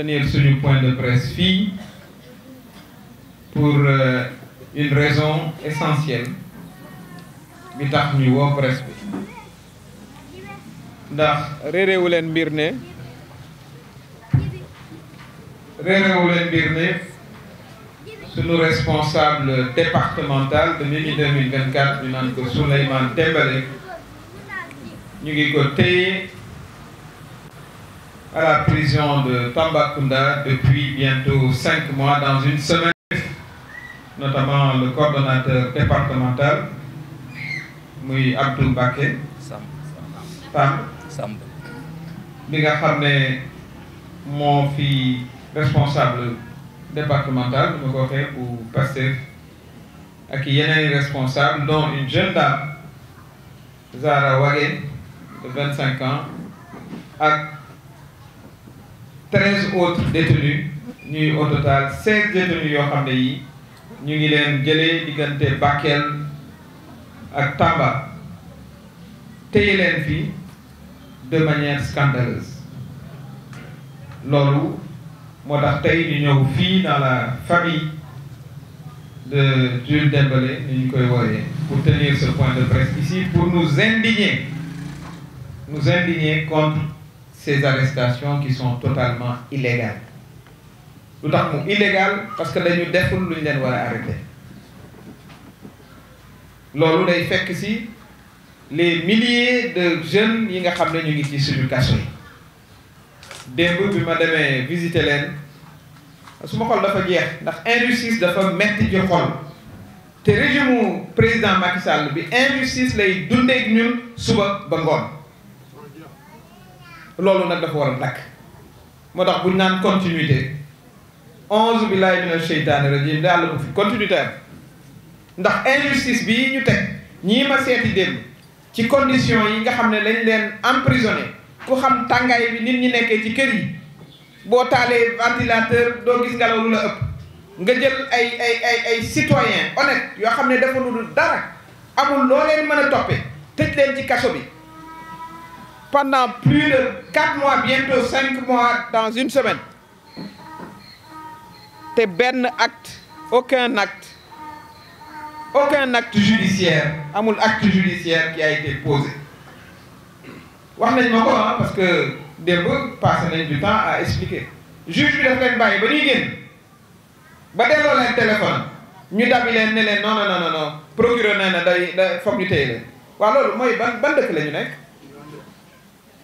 tenir le point de presse fi pour euh, une raison essentielle bi tax ñu woo presse bi ndax réeréwu leen birne ne réeréwu leen mbir ne le responsable départemental de l'année 2024 ñu naan ko Souleymane Dembélé ñu ngi ko téye à la prison de Tambacounda depuis bientôt cinq mois, dans une semaine, notamment le coordonnateur départemental, muy Abdou Baké. Pam, Sam bi responsable départemental ou ma pour passer à Pastef responsable dont une jeune dame Zara Wagen, de 25 ans a 13 autres détenus nous au total 16 détenus nous xam nous yi ñu ngi Bakel ak Tamba ont de manière scandaleuse Lorsque nous avons tey une dans la famille de Jules Dembélé pour tenir ce point de presse ici pour nous indigner nous indigner contre ces arrestations qui sont totalement illégales lu illégales parce que dañu deful lu ñu leen war a fait que day fekk les milliers de jeunes yi nga xam ne ñu ngi ci suñu kaso yi démb Je ma visiter leen su xol dafa jeex ndax injustice dafa metti de xol te régime président Macky Sall bi injustice lay dundeek ñun suba ba ngoon loolu nag dafa war a dakk moo tax buñ naan continuité onze billahi mina sheytaani rajim yàlla bu fi continuité am ndax injustice bi ñu teg ñii ma seeti démb ci condition yi nga xam ne lañ leen emprisonné ku xam tàngaayo bi nit ñi nekkee ci kër yi boo taalee ventilateur doo gis ngelaw lu la ëpp nga jël ay ay ay ay citoyen honnête yoo xam ne dafa lu dul dara amul loo leen mën a toppee tëj leen ci kaso bi pendant plus de 4 mois, bientôt 5 mois, dans une semaine. Te ben acte, aucun acte, aucun acte judiciaire, amul acte judiciaire qui a été posé. Ah, parce que des passe du temps à expliquer juge de daf il a ba il ba il a téléphone ñu dabi leen il non non non non il non, na non, da non. il a il ban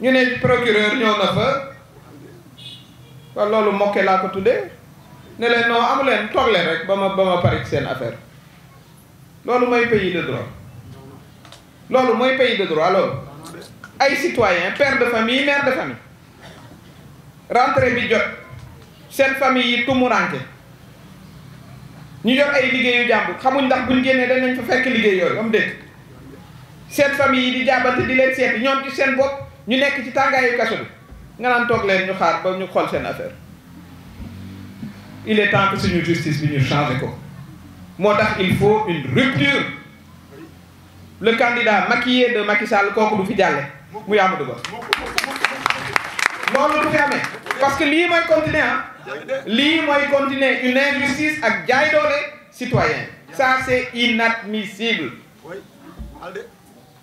Nous ne procureur ñoo na fa Nous loolu mokke ko tuddee ne leen non amu rek ci affaire pays de droit loolu mooy pays de droit ay citoyen père de famille mère de famille rentrée bi jot famille yi tumuranke ñu yor ay liggéeyu xamuñ ndax nous fekk am Cette famille yi di di ñu nekk ci tàngaayu kaso bi nga naan toog leen ñu xaar ba ñu xool seen affaire il est temps que suñu justice bi ñu changé ko moo tax il faut une rupture le candidat maquillé de Macky Sall kooku du fi jàlle mu Amadou Ba loolu du fi amee parce que lii mooy continuer ah lii mooy continuer une injustice ak jaay doole citoyen ça c'est inadmissible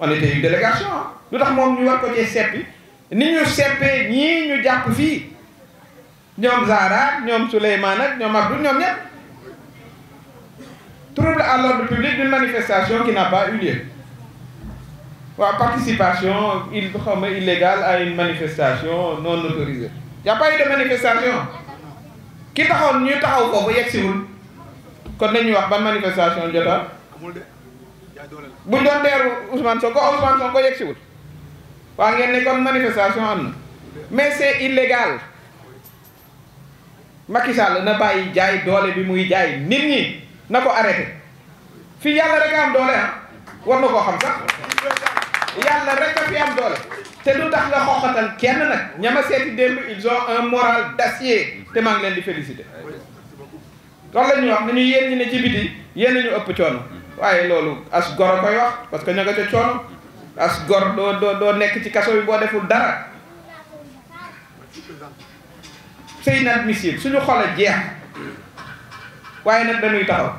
on était une délégation Nous hein. nous ñu war ko nous avons ni ñu ñu ak Abdou ñom trouble à l'ordre public d'une manifestation qui n'a pas eu lieu participation il illégal illégale à une manifestation non autorisée n'y a pas eu de manifestation ki taxone ñu taxaw kon wax ban manifestation buñ doon teeru Ousmane Sonko ah, Ousmane Sonko yegg si wut waa ngeen ne kon manifestation am na mais c'est illégal Macky Sall na bàyyi jaay doole bi muy jaay nit ñi na ko arrêté fii yàlla rek am doole ah war na koo xam sax yàlla rek a fi am doole te du tax nga xoxatal kenn nag ñama seeti démb ils ont un moral d'acier te maa leen di féliciter loolu la ñuy wax nañu yéen ñi ne ci biti yéen ñu ëpp coono. waaye loolu as gor a koy wax parce que ña nga ca as gor doo doo nekk ci kaso bi boo deful dara c'est inadmissible suñu xol jeex waaye nag dañuy taxaw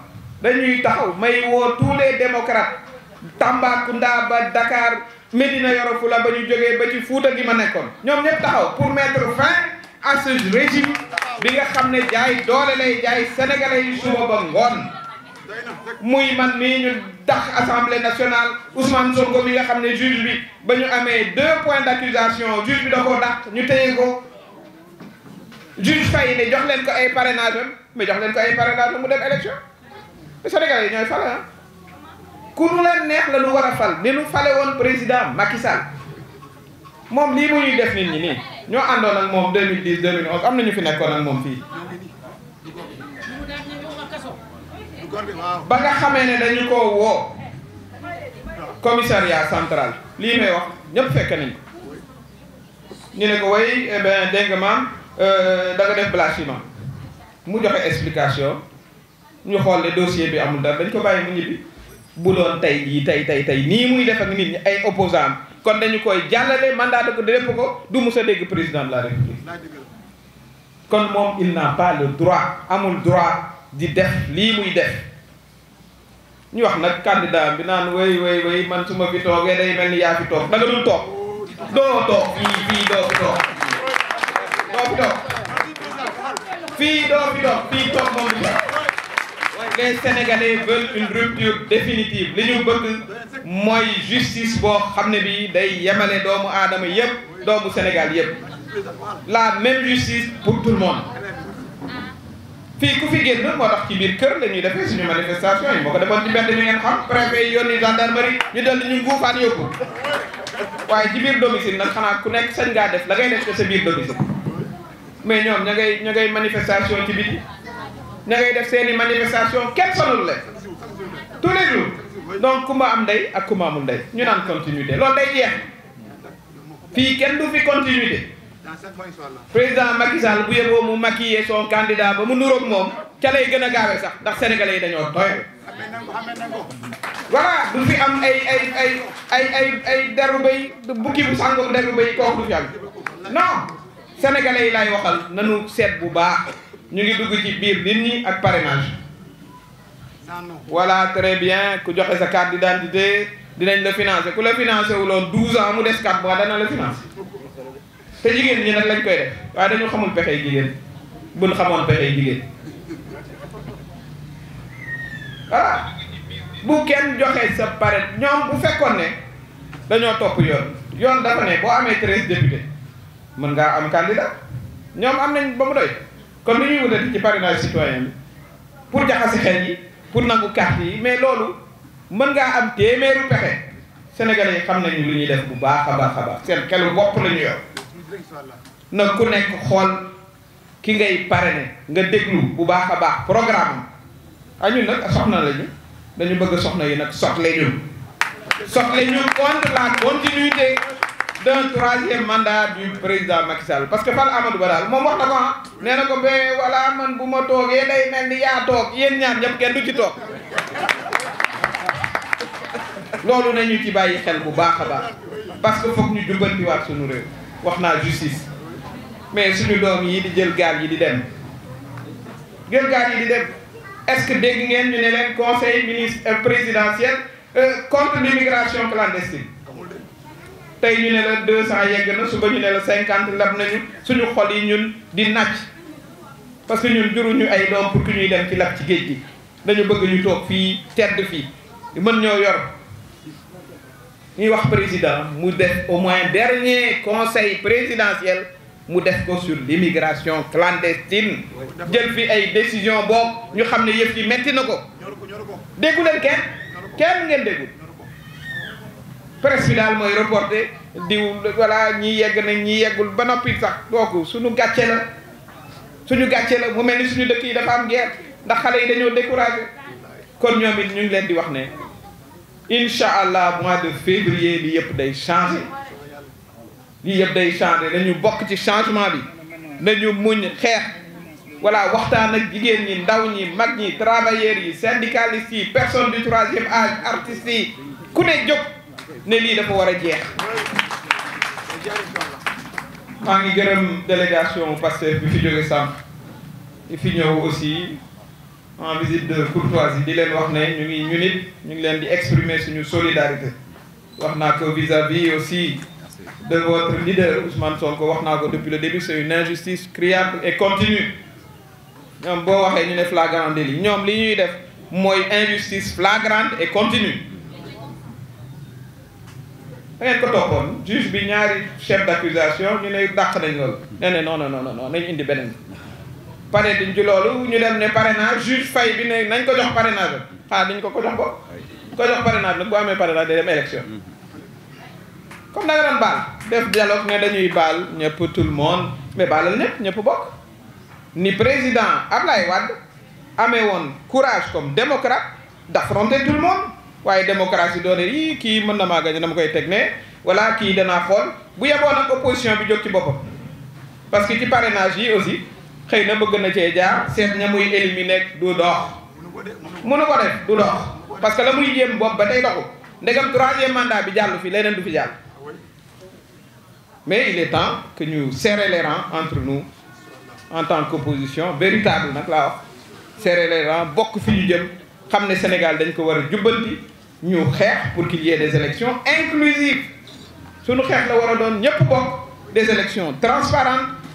dañuy taxaw may woo tous les démocrates Tambacounda ba Dakar Médina Yoro Foulah ba ñu jógee ba ci Fuuta gi ma nekkoon ñoom ñëpp taxaw pour mettre fin à régime bi nga xam ne jaay doole lay jaay sénégalais yi suba ba ngoon muy man mii ñu dax assemblée nationale Ousmane Sonko mi nga xam ne juge bi ba ñu amee deux points d'accusation juge bi da koo dàq ñu téye ko juge Faye ne jox leen ko ay parrainage am mais jox leen ko ay parrainage mu dem élection te Sénégalais yi ñooy fal ah ku nu leen neex la nu war a fal ni nu fale woon président Macky Sall moom lii mu ñuy def nit ñi nii ñoo àndoon ak moom 2010 2011 am na ñu fi nekkoon ak moom fii. ba nga xamee ne dañu commissariat central lii may wax ñëpp fekk nañ ñu ne ko way eh ben, euh, def blanchiment mu joxe explication ñu dossier bi amul dara dañ ko bàyyi mu ñibbi bu muy def ak nit mandat de ko du dégg président il n'a pas le droit amul droit di def muy def ñu wax candidat bi man fi day les sénégalais veulent une rupture définitive li ñu bëgg mooy justice boo xam day Sénégal la même justice pour tout le monde fii ku fi génn moo tax ci biir kër la ñuy defee suñu manifestation yi moo ko defoon ci mbedd mi ngeen xam préfet yi yónni gendarmerie ñu dal di ñu nguufaan waaye ci biir domicile nag xanaa ku nekk sañ ngaa def la ngay def ko sa biir mais ñoom ña ngay ña ngay manifestation ci biti ña ngay def seen seeni manifestation kenn sonul leen tous les jours donc ku am ndey ak ku ma amul ndey ñu naan continuité loolu day jeex fii kenn du fi continuité président Macky Sall bu yeboo mu maquiller son candidat ba mu nuroog moom ca lay gën a gaawee sax ndax sénégalais yi dañoo tooy. voilà du fi am ay ay ay ay ay ay deru bay bukki bu sàngoog deru bay kooku du fi am non sénégalais yi lay waxal nanu seet bu baax ñu ngi dugg ci biir nit ñi ak parrainage. voilà très bien ku joxe sa carte d'identité dinañ la financer ku la financer wu loon 12 ans mu des 4 mois dana la financer. te jigéen ñi nag lañ koy def waaye dañu xamul pexey jigéen buñ xamoon pexey jigéen ah bu kenn joxe sa pare ñoom bu fekkoon ne dañoo topp yoon yoon dafa ne boo amee treize députés mën ngaa am candidat ñoom am nañ ba mu doy kon lu ñuy wutati ci parrainage citoyen bi pour jaxase xel yi pour nangu carte yi mais loolu mën ngaa am téeméeru pexe sénégalais yi xam nañu lu ñuy def bu baax a baax a seen xelu bopp la ñu nak ku nek xol ki ngay parrainé nga déglu bu baaxa baax programme a ah, ñun nag soxna lañu dañu bëgg soxna yi nak soxle ñu soxle ñu contre la continuité d'un troisième mandat du président Macky Sall parce que fal Amadou baral mom wax na ko ah ko bé wala man bu ma toogee day melni ya tok yeen ñaan ñep kenn du ci tok lolu nañu ci bayyi xel bu baaxa baax parce que fokk ñu jubbantiwaat suñu rew waxna justice mais suñu doom yi di jël gaar yi di dem jël gaar yi di dem est-ce que dégg ngeen ñu ne leen conseil ministre euh, présidentiel euh, contre l'immigration clandestine tey ñu ne la deux yegg na suba ñu ne la cinquante lab nañu suñu xol yi ñun di nacc parce que ñun juruñu ay doom pour que ñuy dem ci lab ci geej gi dañu bëgg ñu toog fii tedd fii mën ñoo yor ñuy wax président au moins dernier conseil présidentiel sur l'immigration clandestine jël fi une décision boobu ñu xam une décision metti na ko décision. leen ngeen déggul président reporté voilà ñi yegg na ñi yeggul ba noppi sax kooku suñu gàcce la suñu gàcce la mu mel suñu dëkk yi dafa am guerre ndax yi dañoo découragé kon ñu Inch'Allah, mois de février li yep day changer, li yep day changer dañu bok ci changement bi dañu muñ xex voilà waxtaan ak jigéen ni ndaw ni mag travailleurs syndicalistes yi personne du troisième âge artistes yi ku ne ne li dafa wara délégation pasteur bi fi jóge sam fi ñëw aussi en visite de courtoisie di leen wax ne ñu ngi ñu nit ñu di exprimer suñu solidarité wax naa vis-à-vis aussi de votre leader Ousmane Sonko wax depuis le début c'est une injustice criable et continue ñoom boo waxee ñu ne flagrant délit li ñuy def mooy injustice flagrante et continue da ngeen ko toppoon juge bi ñaari chef d'accusation ñu ne dàq nañ loolu nee ne non non non non nañ indi beneen paré duñ ci ñu dem ne parrainage juge fay bi né nañ ko jox parrainage fa ah, duñ ko ko jox ko ko jox parrainage nag bu amé parrainage day dem élection comme da nga doon baal def dialogue né dañuy bal ñëpp tout le monde mais baalal ñëpp ñëpp bok ni président Ablaye Wade amé won courage comme démocrate d'affronter tout le monde waaye démocratie doone yii kii mën na maa gañ dama koy teg ne voilà kii danaa xool bu yeboo nak opposition bi jox ci bopam parce que ci parrainage yi aussi xëy na bëgg na cee jaar seet ña muy éliminer du dox mënu ko def du dox parce que la muy yem bopp ba tey doxu ndegam troisième mandat bi jàll fi leneen du fi jàll mais il est temps que ñu serrer les rangs entre nous en tant qu'opposition véritable nag laa wax serrer les rangs bokk fi ñu jëm xam ne Sénégal dañ ko war a jubbanti ñu xeex pour qu'il y ait des élections inclusives suñu xeex la war a doon ñëpp bokk des élections transparentes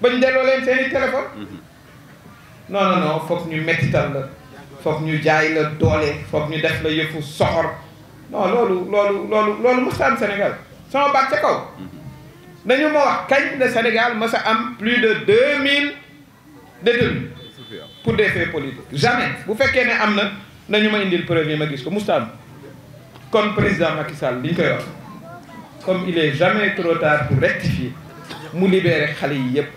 bañ delloo leen seen i téléphone mm-hmm. non non non foog ñu mettital la foog ñu jaay la doole foog ñu def la yëfu soxor non loolu loolu loolu loolu mës am Sénégal sama baat ca kaw nañu mm-hmm. ma wax kañ le Sénégal a am plus de deux mille détenus pour des faits politiques jamais bu fekkee ne am na nañu ma indil preuve yi ma gis ko mës kon président Macky Sall li ñu koy wax comme il est jamais trop tard pour rectifier mu libérer xale yi yëpp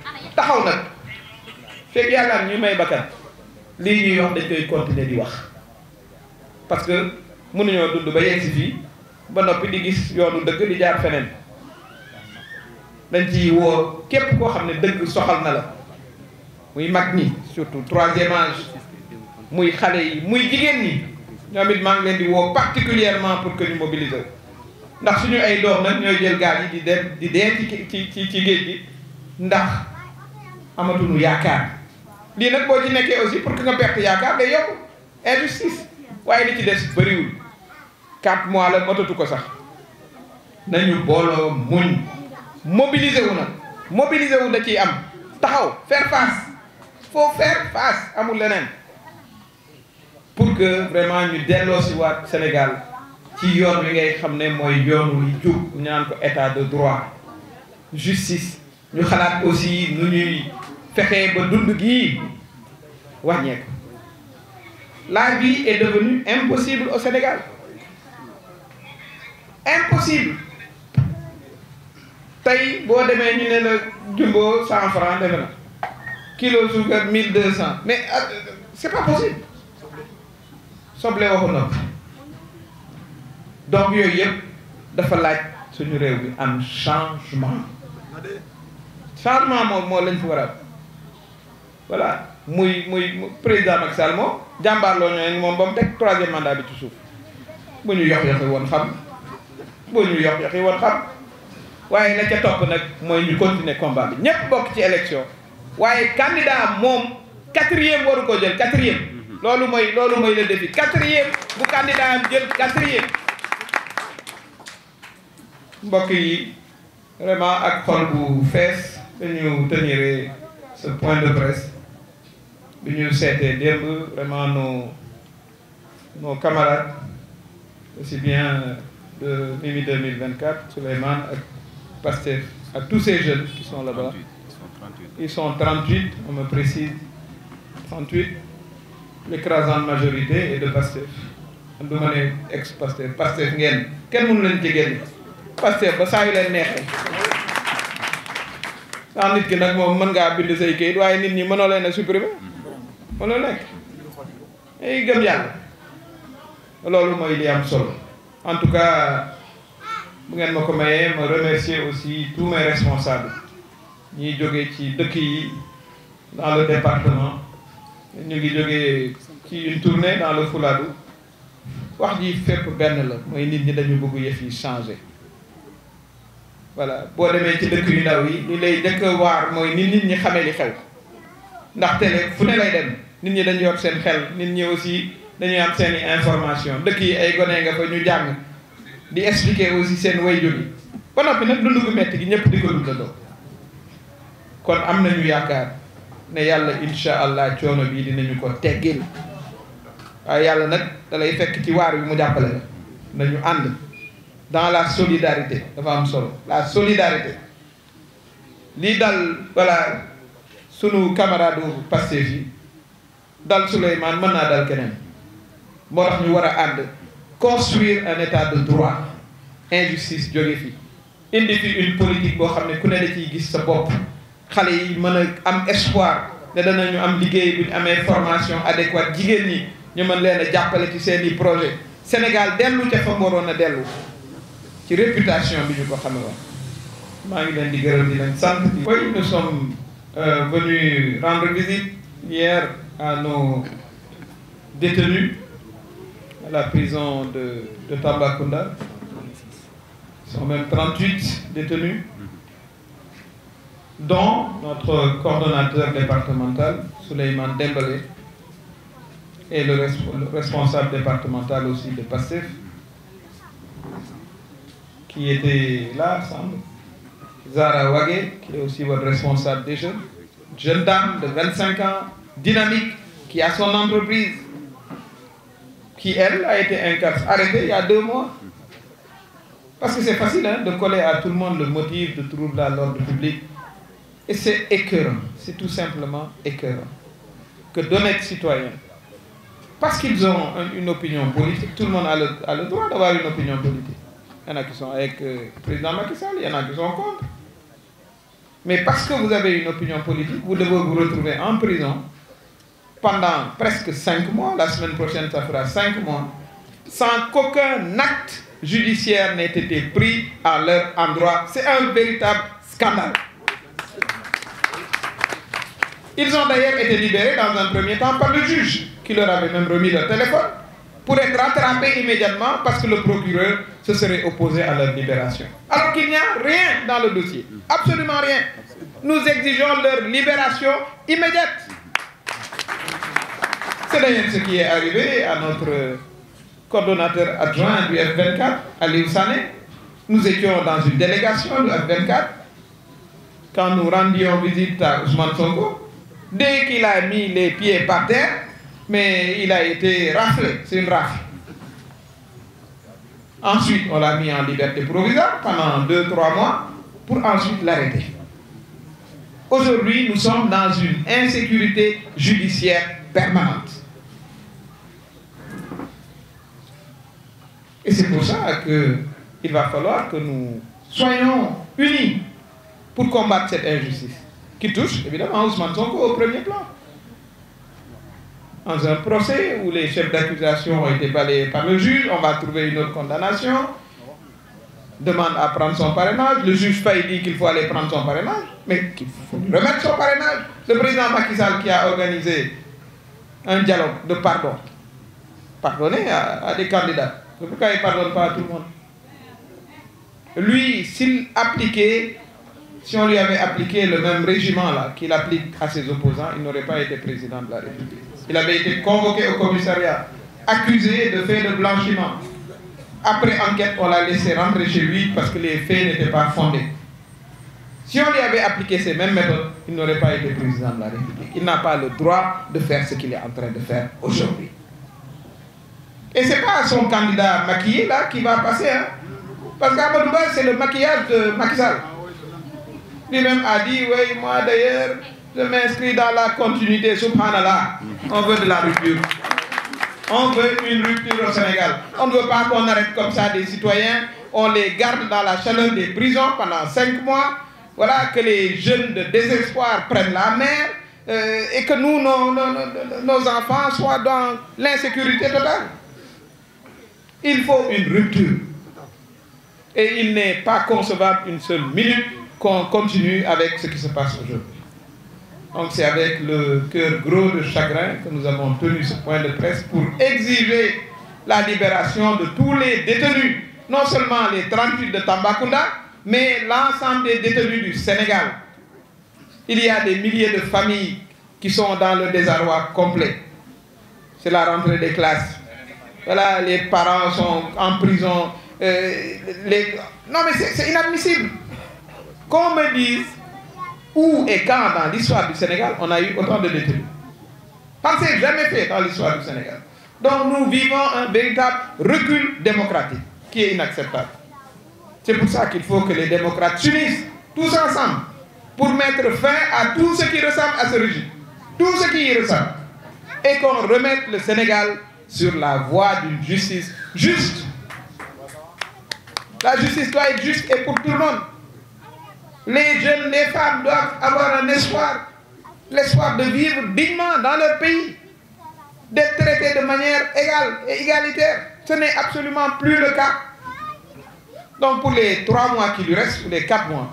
taxaw nak fek yàlla ñuy may bakkan li ñuy wax dañ koy continuer di wax parce que mënu ñoo dund ba yegg fi ba nopi di gis yoonu dëgg di jaar fenen dañ ci wo képp ko xam ne dëgg soxal na la muy mag ni surtout troisième âge muy xalé yi muy jigen ni ñoom ma ngi leen di wo particulièrement pour que ñu mobiliser ndax suñu ay doom nak ñoy jël gaal yi di dem di dé ci ci ci géej gi ndax amatuñu yaakaar li nak boo ci nekkee aussi pour que nga perte yaakaar day yokk injustice waaye li ci des quatre mois la matatu ko sax nañu booloo muñ mobiliser wu mobiliser wu da am taxaw faire face Il faut faire face amul pour que vraiment ñu delloo Sénégal ci yoon wi ngay xam ne mooy Nous état de droit justice Nous xalaat aussi nous ñuy fexe ba dund gii wàññeeku la vie est devenue impossible au Sénégal impossible tey boo demee ñu ne la jumbo cent franc defe na kilo suukar mille deux cent mais euh, c'est pas possible soble waxu donc yooyu yëpp dafa laaj suñu réew bi am changement changement moom moo lañ fi waral voilà muy muy président Macky Sall troisième mandat bi ci suuf bu ñu yox yoxi woon xam bu ñu yox yoxi woon xam waaye la ca ñu continuer combat bi élection candidat quatrième waru ko jël quatrième loolu le défi quatrième bu candidat quatrième mbokk vraiment ak xol bu fees nous tenir ce point de presse nous ñu vraiment nos camarades aussi bien euh, de Mimi 2024 Suleiman, et Pasteur, à tous ces jeunes qui sont là-bas ils sont 38 on me précise 38 l'écrasante majorité est de Pasteur. On demande ex pasteur Pasteur quel quel mënu leen Pasteur, Pasteur, Pastef ba saa yu leen neexee nit ki nag moom mën ngaa bind say wala nekk eh, ay gëm yàlla loolu mooy li am solo en tout cas bu ngeen ma ko mayee ma remercier aussi tous mes responsables ñi jógee ci dëkk yi dans le département ñu ngi jógee ci une tournée dans le Fouladou wax ji fépp benn la mooy nit ñi dañu bëgg yëf yi changer voilà boo demee ci dëkk yu ndaw yi li lay dëkk waar mooy nit nit ñi xamee li xew ndaxte fu ne lay dem nit ñi dañu yor seen xel nit ñi aussi dañuy am seen i information dëkk yi ay gone nga fa ñu jàng di expliquer aussi seen waajur yi ba noppi nag dundu gu metti gi ñëpp di ko dundandoo kon am nañu yaakaar ne yàlla incha allah coono bii dinañu ko teggil waaye yàlla nag da lay fekk ci waar bi mu jàppale la ñu ànd dans la solidarité dafa am solo la solidarité lii dal voilà sunu camarade pasteur yi dal Souleymane mën naa dal keneen moo tax ñu war a ànd construire un état de droit injustice jóge fi indi fi une politique boo xam ne ku ne da ciy gis sa bopp xale yi mën a am espoir ne danañu am liggéey buñ ñu amee formation adéquate jigéen ñi ñu mën leen a jàppale ci seen i projet Sénégal dellu ca fa mu waroon a dellu ci réputation bi ñu ko xamee woon maa ngi leen di gërëm di leen sant. koy nous sommes. Euh, venu rendre visite hier à nos détenus à la prison de, de Ils sont même 38 détenus, dont notre coordonnateur départemental, Souleymane Dembélé, et le, responsable départemental aussi de PASSEF, qui était là, semble Zara Wagé, qui est aussi votre responsable des jeunes. Jeune dame de 25 ans, dynamique, qui a son entreprise, qui elle a été arrêtée il y a deux mois. Parce que c'est facile hein, de coller à tout le monde le motif de trouble à l'ordre public. Et c'est écœurant, c'est tout simplement écœurant. Que d'honnêtes citoyens, parce qu'ils ont une opinion politique, tout le monde a le, droit d'avoir une opinion politique. Il y en a qui sont avec le euh, président Macky Sall, il y en a qui sont contre. Mais parce que vous avez une opinion politique, vous devez vous retrouver en prison pendant presque cinq mois, la semaine prochaine ça fera cinq mois, sans qu'aucun acte judiciaire n'ait été pris à leur endroit. C'est un véritable scandale. Ils ont d'ailleurs été libérés dans un premier temps par le juge, qui leur avait même remis leur téléphone pour être rattrapé immédiatement parce que le procureur se serait opposé à leur libération. Alors qu'il n'y a rien dans le dossier, absolument rien. Nous exigeons leur libération immédiate. C'est d'ailleurs ce qui est arrivé à notre coordonnateur adjoint du F24, Ali Oussane. Nous étions dans une délégation du F24 quand nous rendions visite à Ousmane Sonko. Dès qu'il a mis les pieds par terre, mais il a été raflé, c'est une rafle. Ensuite, on l'a mis en liberté provisoire pendant deux, trois mois pour ensuite l'arrêter. Aujourd'hui, nous sommes dans une insécurité judiciaire permanente. Et c'est pour ça qu'il va falloir que nous soyons unis pour combattre cette injustice qui touche évidemment Ousmane Sonko au premier plan un procès où les chefs d'accusation ont été balayés par le juge, on va trouver une autre condamnation, demande à prendre son parrainage, le juge il dit qu'il faut aller prendre son parrainage, mais qu'il faut remettre son parrainage. Le président Macky Sall qui a organisé un dialogue de pardon, pardonner à, des candidats, pourquoi il ne pardonne pas à tout le monde Lui, s'il appliquait si on lui avait appliqué le même régiment là qu'il applique à ses opposants, il n'aurait pas été président de la République. Il avait été convoqué au commissariat, accusé de faits de blanchiment. Après enquête, on l'a laissé rentrer chez lui parce que les faits n'étaient pas fondés. Si on lui avait appliqué ces mêmes méthodes, il n'aurait pas été président de la République. Il n'a pas le droit de faire ce qu'il est en train de faire aujourd'hui. Et ce n'est pas son candidat maquillé là qui va passer. Hein. Parce qu'Amadouba, c'est le maquillage de Macky Lui-même a dit, oui, moi d'ailleurs, je m'inscris dans la continuité, subhanallah. Mm-hmm. On veut de la rupture. On veut une rupture au Sénégal. On ne veut pas qu'on arrête comme ça des citoyens. On les garde dans la chaleur des prisons pendant cinq mois. Voilà que les jeunes de désespoir prennent la mer euh, et que nous, nos enfants, soient dans l'insécurité totale. Il faut une rupture. Et il n'est pas concevable une seule minute qu'on continue avec ce qui se passe aujourd'hui. Donc c'est avec le cœur gros de chagrin que nous avons tenu ce point de presse pour exiger la libération de tous les détenus, non seulement les 38 de Tambacounda, mais l'ensemble des détenus du Sénégal. Il y a des milliers de familles qui sont dans le désarroi complet. C'est la rentrée des classes. Voilà, les parents sont en prison. Euh, non mais c'est inadmissible. Qu'on me dise où et quand dans l'histoire du Sénégal on a eu autant de détenus. ne s'est jamais fait dans l'histoire du Sénégal. Donc nous vivons un véritable recul démocratique qui est inacceptable. C'est pour ça qu'il faut que les démocrates s'unissent tous ensemble pour mettre fin à tout ce qui ressemble à ce régime, tout ce qui y ressemble, et qu'on remette le Sénégal sur la voie d'une justice juste. La justice doit être juste et pour tout le monde. Les jeunes, les femmes doivent avoir un espoir, l'espoir de vivre dignement dans leur pays, d'être traitées de manière égale et égalitaire. Ce n'est absolument plus le cas. Donc pour les trois mois qui lui restent, pour les quatre mois,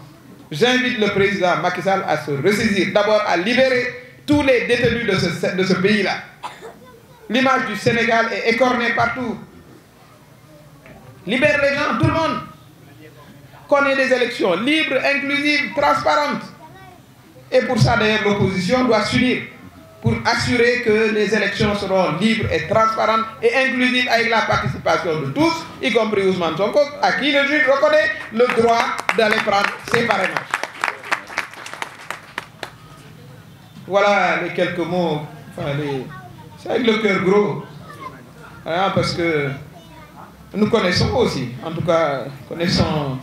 j'invite le président Macky Sall à se ressaisir, d'abord à libérer tous les détenus de ce, de ce pays-là. L'image du Sénégal est écornée partout. Libère les gens, tout le monde qu'on ait des élections libres, inclusives, transparentes. Et pour ça, d'ailleurs, l'opposition doit s'unir pour assurer que les élections seront libres et transparentes et inclusives avec la participation de tous, y compris Ousmane Sonko, à qui le juge reconnaît le droit d'aller prendre séparément. Voilà les quelques mots. C'est avec le cœur gros. Hein, parce que nous connaissons aussi, en tout cas, connaissons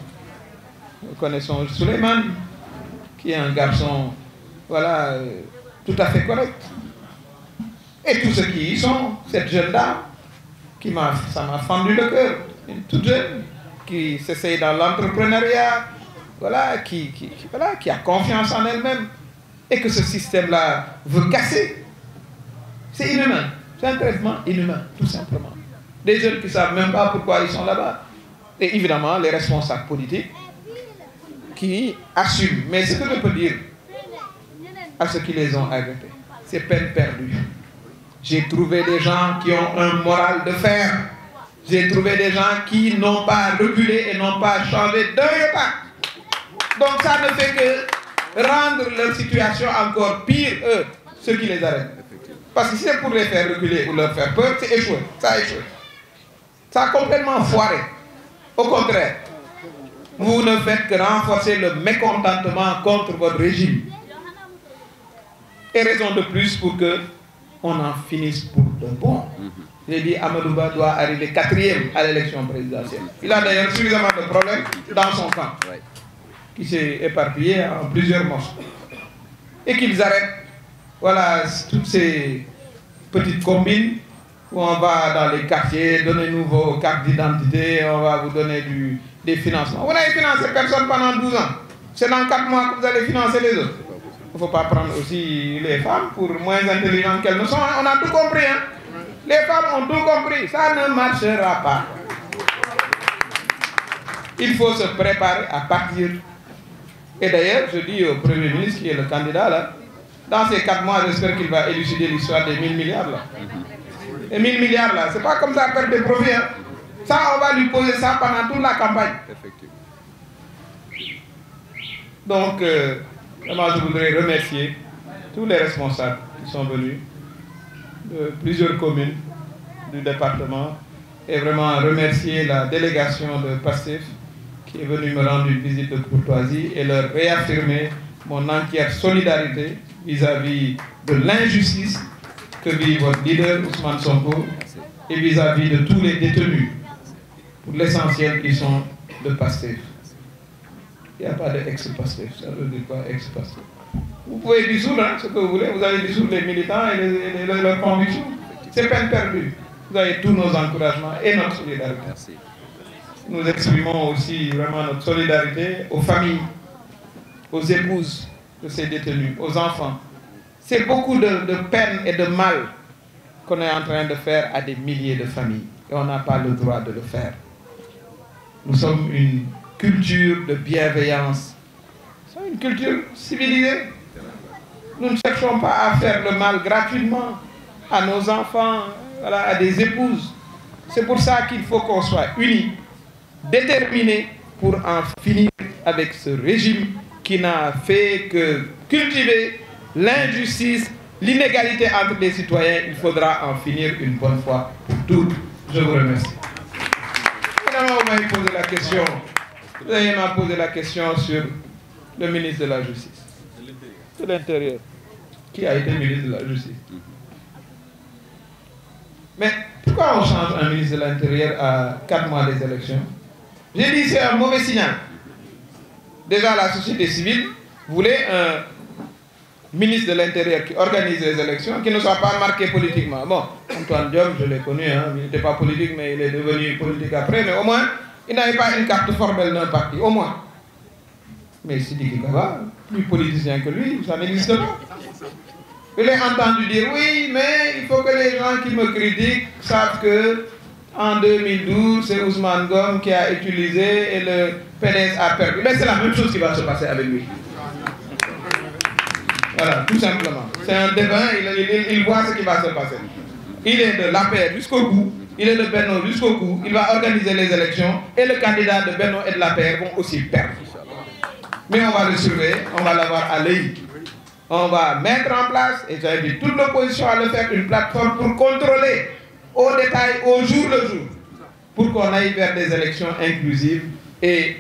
nous connaissons Suleiman, qui est un garçon, voilà, euh, tout à fait correct. Et tous ceux qui y sont, cette jeune dame, qui m'a, ça m'a fendu le cœur, une toute jeune, qui s'essaye dans l'entrepreneuriat, voilà, qui, qui, voilà, qui a confiance en elle-même, et que ce système-là veut casser. C'est inhumain. C'est un traitement inhumain, tout simplement. Des jeunes qui ne savent même pas pourquoi ils sont là-bas. Et évidemment, les responsables politiques qui assument. Mais ce que je peux dire à ceux qui les ont arrêtés, c'est peine perdue. J'ai trouvé des gens qui ont un moral de fer. J'ai trouvé des gens qui n'ont pas reculé et n'ont pas changé d'un pas. Donc ça ne fait que rendre leur situation encore pire, eux, ceux qui les arrêtent. Parce que si c'est pour les faire reculer ou leur faire peur, c'est échoué. Ça échoué. Ça a complètement foiré. Au contraire, vous ne faites que renforcer le mécontentement contre votre régime. Et raison de plus pour que on en finisse pour de bon. Mhm. J'ai dit Amadouba doit arriver quatrième à l'élection présidentielle. Il a d'ailleurs suffisamment de problèmes dans son camp, qui s'est éparpillé en plusieurs morceaux. Et qu'ils arrêtent voilà, toutes ces petites combines où on va dans les quartiers, donner nouveau cartes d'identité, on va vous donner du, des financements. Vous n'avez financé personne pendant 12 ans. C'est dans 4 mois que vous allez financer les autres. Il ne faut pas prendre aussi les femmes pour moins intelligentes qu'elles ne sont. Hein. On a tout compris. Hein? Les femmes ont tout compris. Ça ne marchera pas. Il faut se préparer à partir. Et d'ailleurs, je dis au Premier ministre qui est le candidat là, dans ces 4 mois, j'espère qu'il va élucider l'histoire des 1000 milliards là et 1000 milliards là. C'est pas comme ça à perdre des profits. Hein. Ça, on va lui poser ça pendant toute la campagne. Effectivement. Donc, euh, je voudrais remercier tous les responsables qui sont venus de plusieurs communes du département et vraiment remercier la délégation de PASSIF qui est venue me rendre une visite de courtoisie et leur réaffirmer mon entière solidarité vis à -vis de l'injustice que vit votre leader Ousmane Sonko et vis-à-vis de tous les détenus. Pour l'essentiel, qui sont de pasteur. Il n'y a pas d'ex-pasteur. Ça veut dire pas ex-pasteur. Vous pouvez dissoudre hein, ce que vous voulez. Vous allez dissoudre les militants et, les, leurs C'est peine perdue. Vous avez tous nos encouragements et notre solidarité. Nous exprimons aussi vraiment notre solidarité aux familles, aux épouses de ces détenus, aux enfants, c'est beaucoup de, peine et de mal qu'on est en train de faire à des milliers de familles. Et on n'a pas le droit de le faire. Nous sommes une culture de bienveillance. Nous sommes une culture civilisée. Nous ne cherchons pas à faire le mal gratuitement à nos enfants, à des épouses. C'est pour ça qu'il faut qu'on soit unis, déterminés pour en finir avec ce régime qui n'a fait que cultiver l'injustice, l'inégalité entre les citoyens, il faudra en finir une bonne fois pour toutes. Je vous remercie. vous m'avez posé la question. avez posé la question sur le ministre de la Justice. De l'Intérieur. Qui a été ministre de la Justice Mais pourquoi on change un ministre de l'Intérieur à quatre mois des élections J'ai dit c'est un mauvais signal. Déjà, la société civile voulait un ministre de l'Intérieur qui organise les élections, qui ne soit pas marqué politiquement. Bon, Antoine Diom, je l'ai connu, hein. il n'était pas politique, mais il est devenu politique après, mais au moins, il n'avait pas une carte formelle d'un parti, au moins. Mais Sidi pas, plus politicien que lui, ça n'existe pas. Je l'ai entendu dire, oui, mais il faut que les gens qui me critiquent savent que en 2012, c'est Ousmane Gom qui a utilisé et le PNS a perdu. Mais c'est la même chose qui va se passer avec lui. Voilà, tout simplement. C'est un débat, il, voit ce qui va se passer. Il est de la jusqu'au bout, il est de Benoît jusqu'au bout, il va organiser les élections et le candidat de Benoît et de la vont aussi perdre. Mais on va le surveiller, on va l'avoir à l'œil. On va mettre en place, et dit, toute l'opposition à le faire, une plateforme pour contrôler au détail, au jour le jour, pour qu'on aille vers des élections inclusives et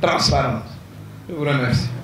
transparentes. Je vous remercie.